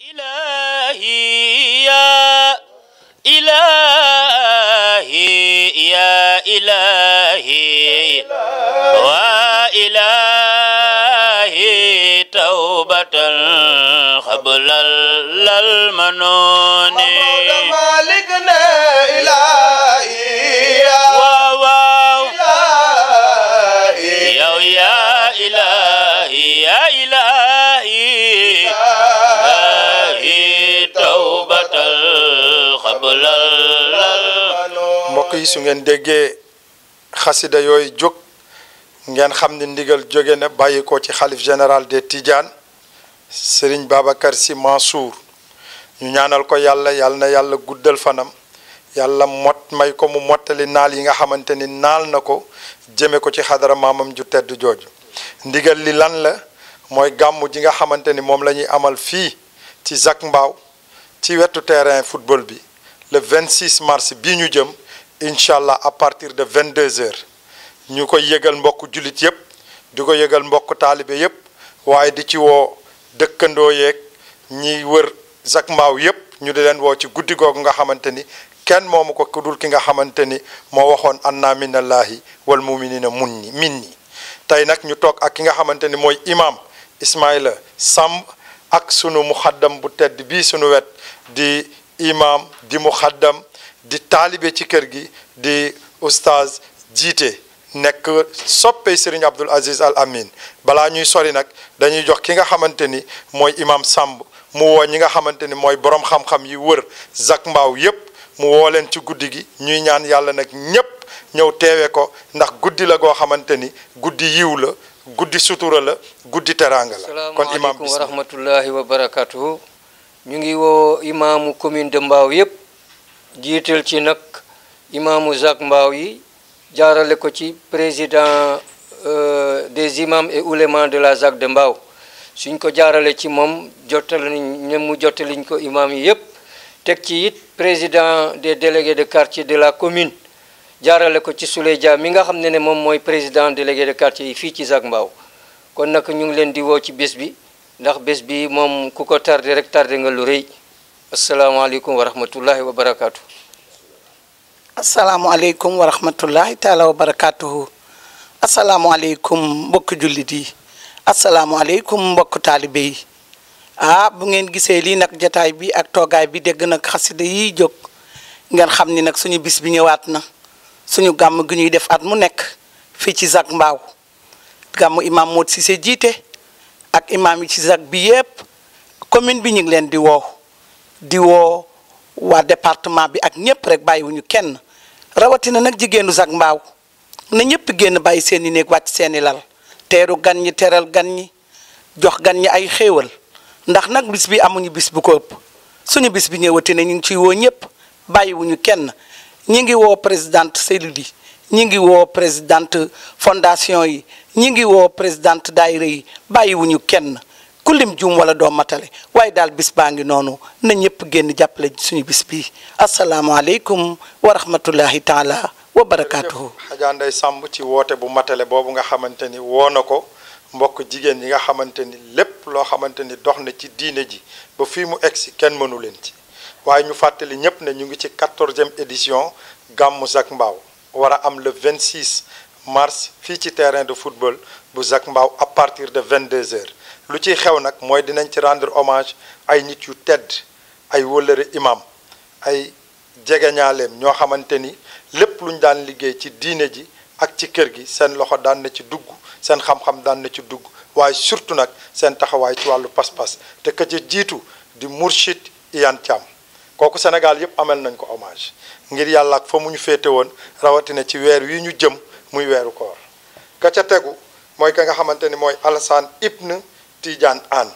إلهي يا إلهي يا إلهي وإلهي توبة قبل المنون su ngeen déggee xasida yooyu jóg ngeen xam ni ndigal jóge na bàyyi ko ci xalif général de Tidianes Serigne Babacar Sy Mansour ñu ñaanal ko yàlla yàlla na yàlla guddal fanam yàlla mot may ko mu mottali naal yi nga xamante ni naal na ko jëme ko ci xadara maamam ju tedd jooju ndigal li lan la mooy gàmmu ji nga xamante ni moom la ñuy amal fii ci Zac Mbao ci wetu terrain football bi le 26 mars bii ñu jëm incha allah à partir de 22 heures ñu koy yëgal mbokk jullit yëpp du ko yëgal mbokk taalibe yëpp waaye di ci woo dëkkandoo yeeg ñiy wër Zac-Mbao yëpp ñu di leen woo ci guddi googu nga xamante ni kenn moomu ko kudul ki nga xamante ni moo waxoon anna minallahi wal muminina mun ni min ni tey nag ñu toog ak ki nga xamante ni mooy imam Ismaïla Samb ak sunu xaddam bu tedd bii suñu wet di imam di mu xaddam di taalibe ci kër gi di oustaz jiite nekk soppee Serigne Abdoul Aziz Al Amin balaa ñuy sori nag dañuy jox ki nga xamante ni mooy imam Samb mu woo ñi nga xamante ni mooy borom xam-xam yi wër Zac Mbao yépp mu woo leen ci guddi gi ñuy ñaan yàlla nag ñépp ñëw teewee ko ndax guddi la goo xamante ni guddi yiw la guddi sutura la guddi teraanga la kon imam salaamaaleykum wa rahmatullahi ñu ngi woo imaamu commune de Mbao yépp jiital ci nak imam Zac mbawi yi jaarale ko ci president uh, des imams et oulémas de la zak de mbaw suñ ko jaarale ci mom jottali nañ mu jottaliñ ko imam yi yëpp teg ci it président des délégués de quartier de la commune jaarale ko ci Souley Dia mi nga xam ne mom moy président délégué de quartier fi ci zak mbaw kon nak ñu ngi leen di wo ci bés bi ndax bés bi mom ku ko tardé rek tardé nga lu reuy asalaamaaleykum wa rahmatullahi wa barakaatu. asalaamaaleykum wa rahmatullahi taala wa barakaatuhu. asalaamaaleykum mbokk jullit yi. asalaamaaleykum mbokk taalibe yi. Ah, bu ngeen gisee lii nag jataay bi ak toogaay bi degg nag xasida yiy jóg ngeen xam ni nag suñu bis bi ñëwaat na suñu gàmm gi ñuy def at mu nekk fii ci ZAC Mbao gàmm imaam Modou Cissé jiite ak imaam yi ci ZAC bi yépp commune bi ñu ngi leen di woo. diwoo woo waa département bi ak ñëpp rek bàyyiwuñu kenn rawatina nag jigéenu Zac Mbao na ñëpp génn bàyyi seen i néeg wàcc seen i lal teeru gan ñi teral gan ñi jox gan ñi ay xéewal ndax nag bis bi amuñu bis bu ko ëpp suñu bis bi ñëwati ne ñu ngi ciy woo ñëpp bàyyiwuñu kenn ñi ngi woo présidente cellule yi ñi ngi woo présidente fondation yi ñi ngi woo présidente daayira yi bàyyiwuñu kenn ku lim wala do matale way dal bis baangi ngi na ñepp genn jàppale suñu bis bi alaykum wa rahmatullahi taala wa barakatuh haja Ndeye Samb ci wote bu matale bobu nga xamanteni wonako mbokk jigen yi nga xamanteni lepp lo xamanteni doxna ci diine ji ba fi mu egg ken mënu len ci waaye ñu fàttali ñepp ne ñu ngi ci 14e édition gamu Zac mbaw wara am le 26 mars fi ci terrain de football bu Zac mbaw à partir de 22 heures. lu ciy xew nag mooy dinañ ci rendre hommage ay nit yu tedd ay wëllëre imam ay jege jegeñaaleem ñoo xamante ni lépp luñ daan liggéey ci diine ji ak ci kër gi seen loxo daan na ci dugg seen xam-xam daan na ci dugg waaye surtout nag seen taxawaay ci wàllu pas-pas te ka ca jiitu di Mourchid Iyane Thiam kooku Sénégal yëpp amel nañ ko hommage ngir yàlla ak fa mu ñu féete woon rawatina ci weer wi ñu jëm muy weeru koor ka ca tegu mooy ka nga xamante ni mooy Alassane Ibn Tidiane Anne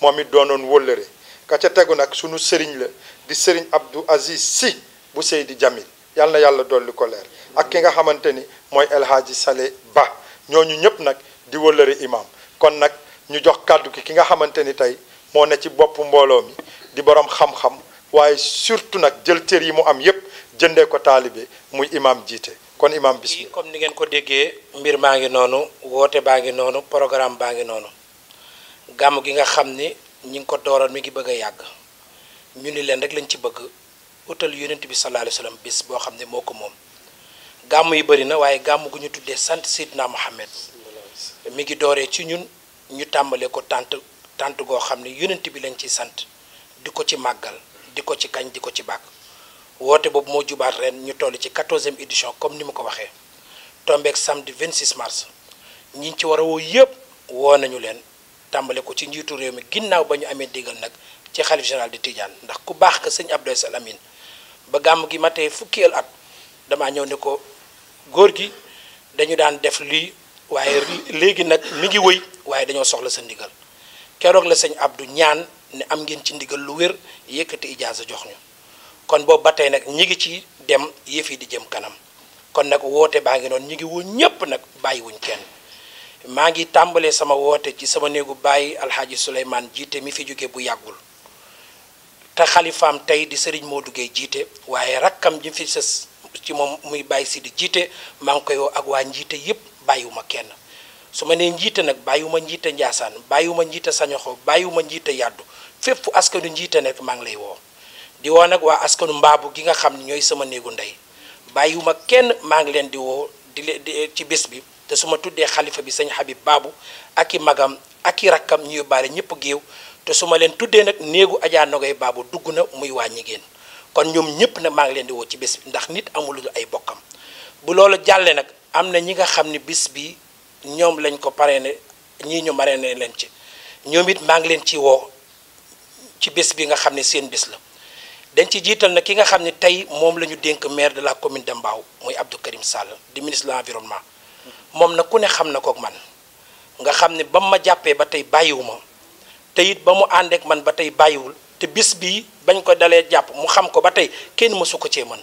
moom it doonoon wóllëre ka ca tegu nag suñu sëriñ la di sëriñ Abdou Aziz Sy bu Seydi Jamil yàlla na yàlla li ko leer ak ki nga xamante ni mooy El Hadji Saleh Ba ñooñu ñëpp nag di wóllëre imam kon nag ñu jox kàddu gi ki nga xamante ni tey moo ne ci bopp mbooloo mi di borom xam-xam waaye surtout nag jël cër yi mu am yépp jëndee ko taalibe muy imam jiite kon imam bismillah comme ni ngeen ko déggee mbir maa ngi noonu woote baa ngi noonu programme baa ngi noonu gàmm gi nga xam ne ñi ngi ko dooral mi ngi bëgg yàgg ñu ni leen rek lañ ci bëgg utal yonent bi sallallahu alayhi wa bis boo xam ne moo ko moom gàmm yi bëri na waaye gàmm gu ñu tuddee sant Seydina Mohamed mi ngi dooree ci ñun ñu tàmbalee ko tant tant goo xam ne yonent bi lañ ciy sant di ko ci màggal di ko ci kañ di ko ci bàkk woote boobu moo jubaat ren ñu toll ci quatorzième édition comme ni ma ko waxee tombeek samedi 26 mars ñi ci war a woo yëpp woo nañu leen tàmbale ko ci njiitu réew mi ginnaaw ba ñu amee digal nag ci xalif général di Tidiane ndax ku baax ka sëñ Abdoulaye Sall Amin ba gàmm gi ma tey fukki at damaa ñëw ne ko góor gi dañu daan def lii waaye léegi nag mi ngi wëy waaye dañoo soxla sa ndigal keroog la sëñ Abdou ñaan ne am ngeen ci ndigal lu wér yëkkati ijaaza jox ñu kon boobu ba tey nag ñi ngi ci dem yëf yi di jëm kanam kon nag woote baa ngi noonu ñi ngi woon ñëpp nag bàyyiwuñ kenn. maa ngi tàmbalee sama woote ci sama néegu bàyyi alxaaji Souleymane jiite mi fi jóge bu yàggul te xalifaam tey di sëriñ moo duggee jiite waaye rakkam ji fi sës ci moom muy bàyyi si di jiite maa ngi koy woo ak waa njiite yépp bàyyiwuma kenn su ma nee njiite nag bàyyiwuma njiite njaasaan bàyyiwuma njiite sañoxo bàyyiwuma njiite yàddu fépp fu askanu njiite nekk maa ngi lay woo di woo nag waa askanu mbaabu gi nga xam ne ñooy sama néegu ndey bàyyiwuma kenn maa ngi leen di woo di ci bis bi te su ma tuddee xalifa bi sëñ Habib Baabu ak i magam ak i rakkam ñuy baale ñëpp géew te su ma leen tuddee nag néegu Adja Baabu dugg na muy waa ñigéen kon ñoom ñëpp nag maa ngi leen di woo ci bés bi ndax nit amul ay bokkam bu loolu jàllee nag am na ñi nga xam ne bis bi ñoom lañ ko parrainé ñii ñu marrainé leen ci ñoom it maa ngi leen ci woo ci bi nga xam ne seen bés la dañ ci jiital na ki nga xam ne tey moom la ñu dénk maire de la commune de Mbao muy Abdou Karim Sall di ministre de environnement moom na ku ne xam na kook man nga xam ne ba ma jàppee ba tey bàyyiwu ma te it ba mu àndeek man ba tey bàyyiwul te bis bii bañ ko dalee jàpp mu xam ko ba tey kenn mësu ko cee mën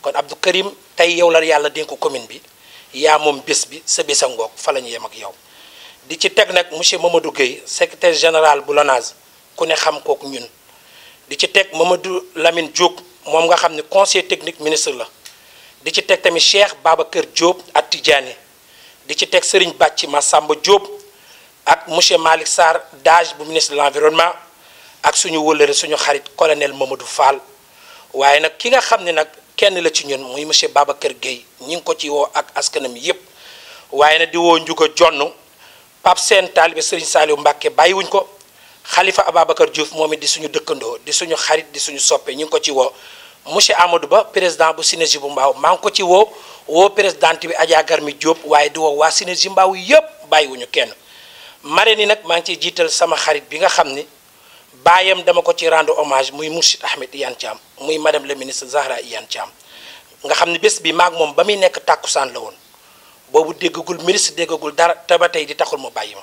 kon Abdou Karim tey yow la yàlla dénk commune bi yaa moom bés bi sa bés a ngoog fa la ñu yem ak yow di ci teg nag monsieur Mamadou géey secretaire général bu LONASE ku ne xam kook ñun di ci teg Mamadou lamin Diop moom nga xam ne conseil technique ministre la di ci teg tamit Cheikh Babacar Diop at Tidjani di ci teg sëriñ Bàcci Massamba jóob ak monsieur Malick Sarr DAGE bu ministre de l'environnement ak suñu wëllëre suñu xarit colonel Mamadou Fall waaye nag ki nga xam ne nag kenn la ci ñun muy monsieur Babacar Gueye ñi ngi ko ci woo ak askanam yépp waaye nag di woo Ndiouga Jonn Pape Sène taalibe sëriñ Saliou Mbacke bàyyiwuñ ko xalifa Khalifa kër Diouf moom it di suñu dëkkandoo di suñu xarit di suñu soppee ñi ngi ko ci woo monsieur Amadou Ba président bu synergie bu mbaaw maa ngi ko ci woo woo présidente bi Adja Garmi Diop waaye di woo waa Sénégal Zimbabwe yëpp bàyyiwuñu kenn marraine yi nag maa ngi ciy jiital sama xarit bi nga xam ni baayam dama ko ci rendre hommage muy Mourchid Ahmed Iyane Thiam muy madame le ministre Zahra Iyane Thiam nga xam ni bés bi maak moom ba muy nekk tàkkusaan la woon boobu déggagul ministre déggagul dara te ba tey di taxul mu bàyyi ma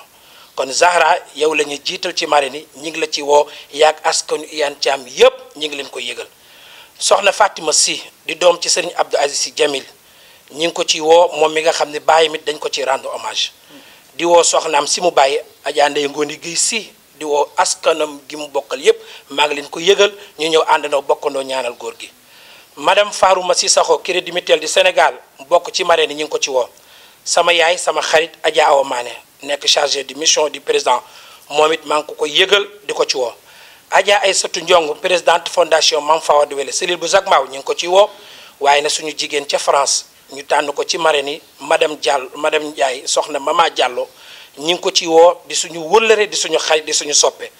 kon Zahra yow la ñuy jiital ci marraine yi ñu ngi la ci woo yaag askanu Iyane Thiam yëpp ñu ngi leen ko yëgal soxna Fatima Sy di doom ci sëriñ Abdou Aziz Sy Jamil ñi ngi ko ci woo moom mi nga xam ne bàyyam it dañ ko ci rendre hommage di woo soxnaam si mu bàyyi Adja Ndeye Ngoné Guèye Sy di woo askanam gi mu bokkal yépp maa ngi leen ko yëgal ñu ñëw àndandoo bokkandoo ñaanal góor gi madame Farouma Sissakho Crédit Mutuel du Sénégal bokk ci marraine ñi ngi ko ci woo sama yaay sama xarit Adja Awa Mané nekk chargé de mission du président moom it maa ngi ko ko yëgal di ko ci woo ay Aïssatou Ndiong présidente fondation Mame Fawade Wellé cellule bu Zac Mbao ñu ngi ko ci woo waaye na suñu jigéen ca France ñu tànn ko ci ma dem madame ma dem Ndiaye soxna mama Diallo ñi ngi ko ci woo di suñu wëllëre di suñu xay di suñu soppee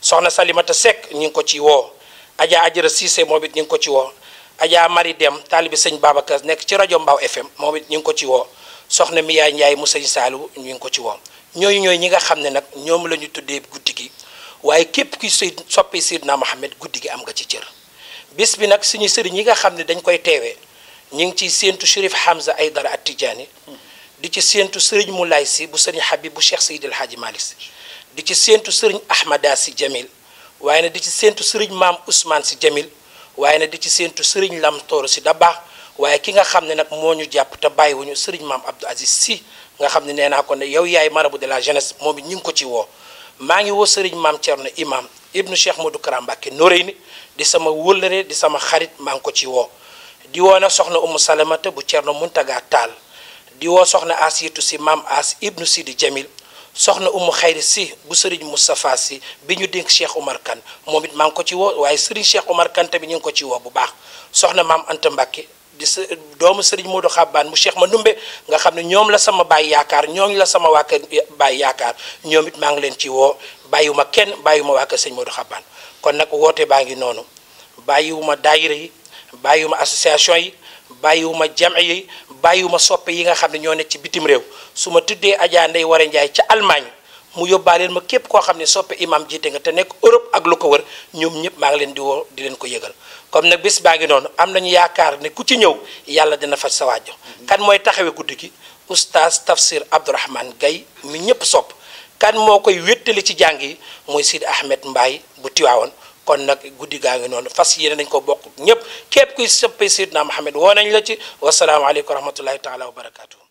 soxna Salimata Seck ñi ngi ko ci woo Adja Ajara Cissé moom it ñi ngi ko ci woo Adja Marie Dem taalibi sëñ Babacar nekk ci rajo Mbaaw FM moom it ñi ngi ko ci woo soxna Miya Ndiaye mu sëñ Saalu ñi ngi ko ci woo ñooyu ñooyu ñi nga xam ne nag ñoom la ñu tuddee guddi gi waaye képp ki sëy soppi Seydina Mohamed guddi gi am nga ci cër bis bi nag suñu sëriñ yi nga xam ne dañ koy teewee ñu ngi ciy séentu Chérif Hamza Aydara At-Tijaani di ci séentu sëriñ Moulay si bu sëriñ Habib bu Cheikh Seydi El Hadji Malick si di ci séentu sëriñ Ahmada si Jamil waaye di ci séentu sëriñ maam Ousmane si Jamil waaye nag di ci séentu sëriñ Lam Tooro si da baax waaye ki nga xam ne nag moo ñu jàpp te bàyyiwuñu sëriñ maam Abdou Aziz si nga xam ne nee naa ko ne yow yaay marabu de la jeunesse moom it ñu ngi ko ci woo maa ngi woo sëriñ maam Thierno imam ibnu Cheikh Modou Kara Mbacké Noreyni di sama wëllëre di sama xarit maa ngi ko ci woo di woo nag soxna umu salamata bu cerno muntaga taal di woo soxna asiitu si maam as ibnu di jamil soxna umu xayri si bu sëriñ moustapha si bi ñu dénk cheikh markan moom it maa ngi ko ci woo waaye sëriñ cheikh omar kan tamit ñu ngi ko ci woo bu baax soxna maam ant mbàkke di sa doomu sëriñ moodu xabbaan mu cheikh ma numbe nga xam ne ñoom la sama baay yaakaar ñooñu la sama waa yaakaar ñoom it maa ngi leen ci woo bàyyi ma kenn bàyyiwuma waa kër sëñ moodu xabbaan kon nag woote baa ngi noonu bàyyiwuma daayira yi bàyyiwuma association yi bàyyiwuma jam yi bàyyiwuma soppe yi nga xam ne ñoo nekk ci bitim réew su ma tuddee Adja Ndeye Waré Ndiaye ca Allemagne mu yóbbaaleel ma képp koo xam ne soppe imam jiite nga te nekk Europe ak lu ko wër ñoom ñëpp maa ngi leen di woo di leen ko yëgal comme nag bés baa ngi noonu am nañu yaakaar ne ku ci ñëw yàlla dina faj sa waajo kan mooy taxawee guddi gi oustaz Tafsir Abdourahmane Gaye mi ñëpp sopp kan moo koy wéttali ci jàng yi mooy si Ahmed Mbaye bu Tiwaawoon kon nag guddi gaa ngi noonu fas yéene nañ ko bokk ñëpp képp kuy sëppe Seydina Muhammad woo nañ la ci wasalaamaaleykum wa rahmatullahi taala wa barakaatu.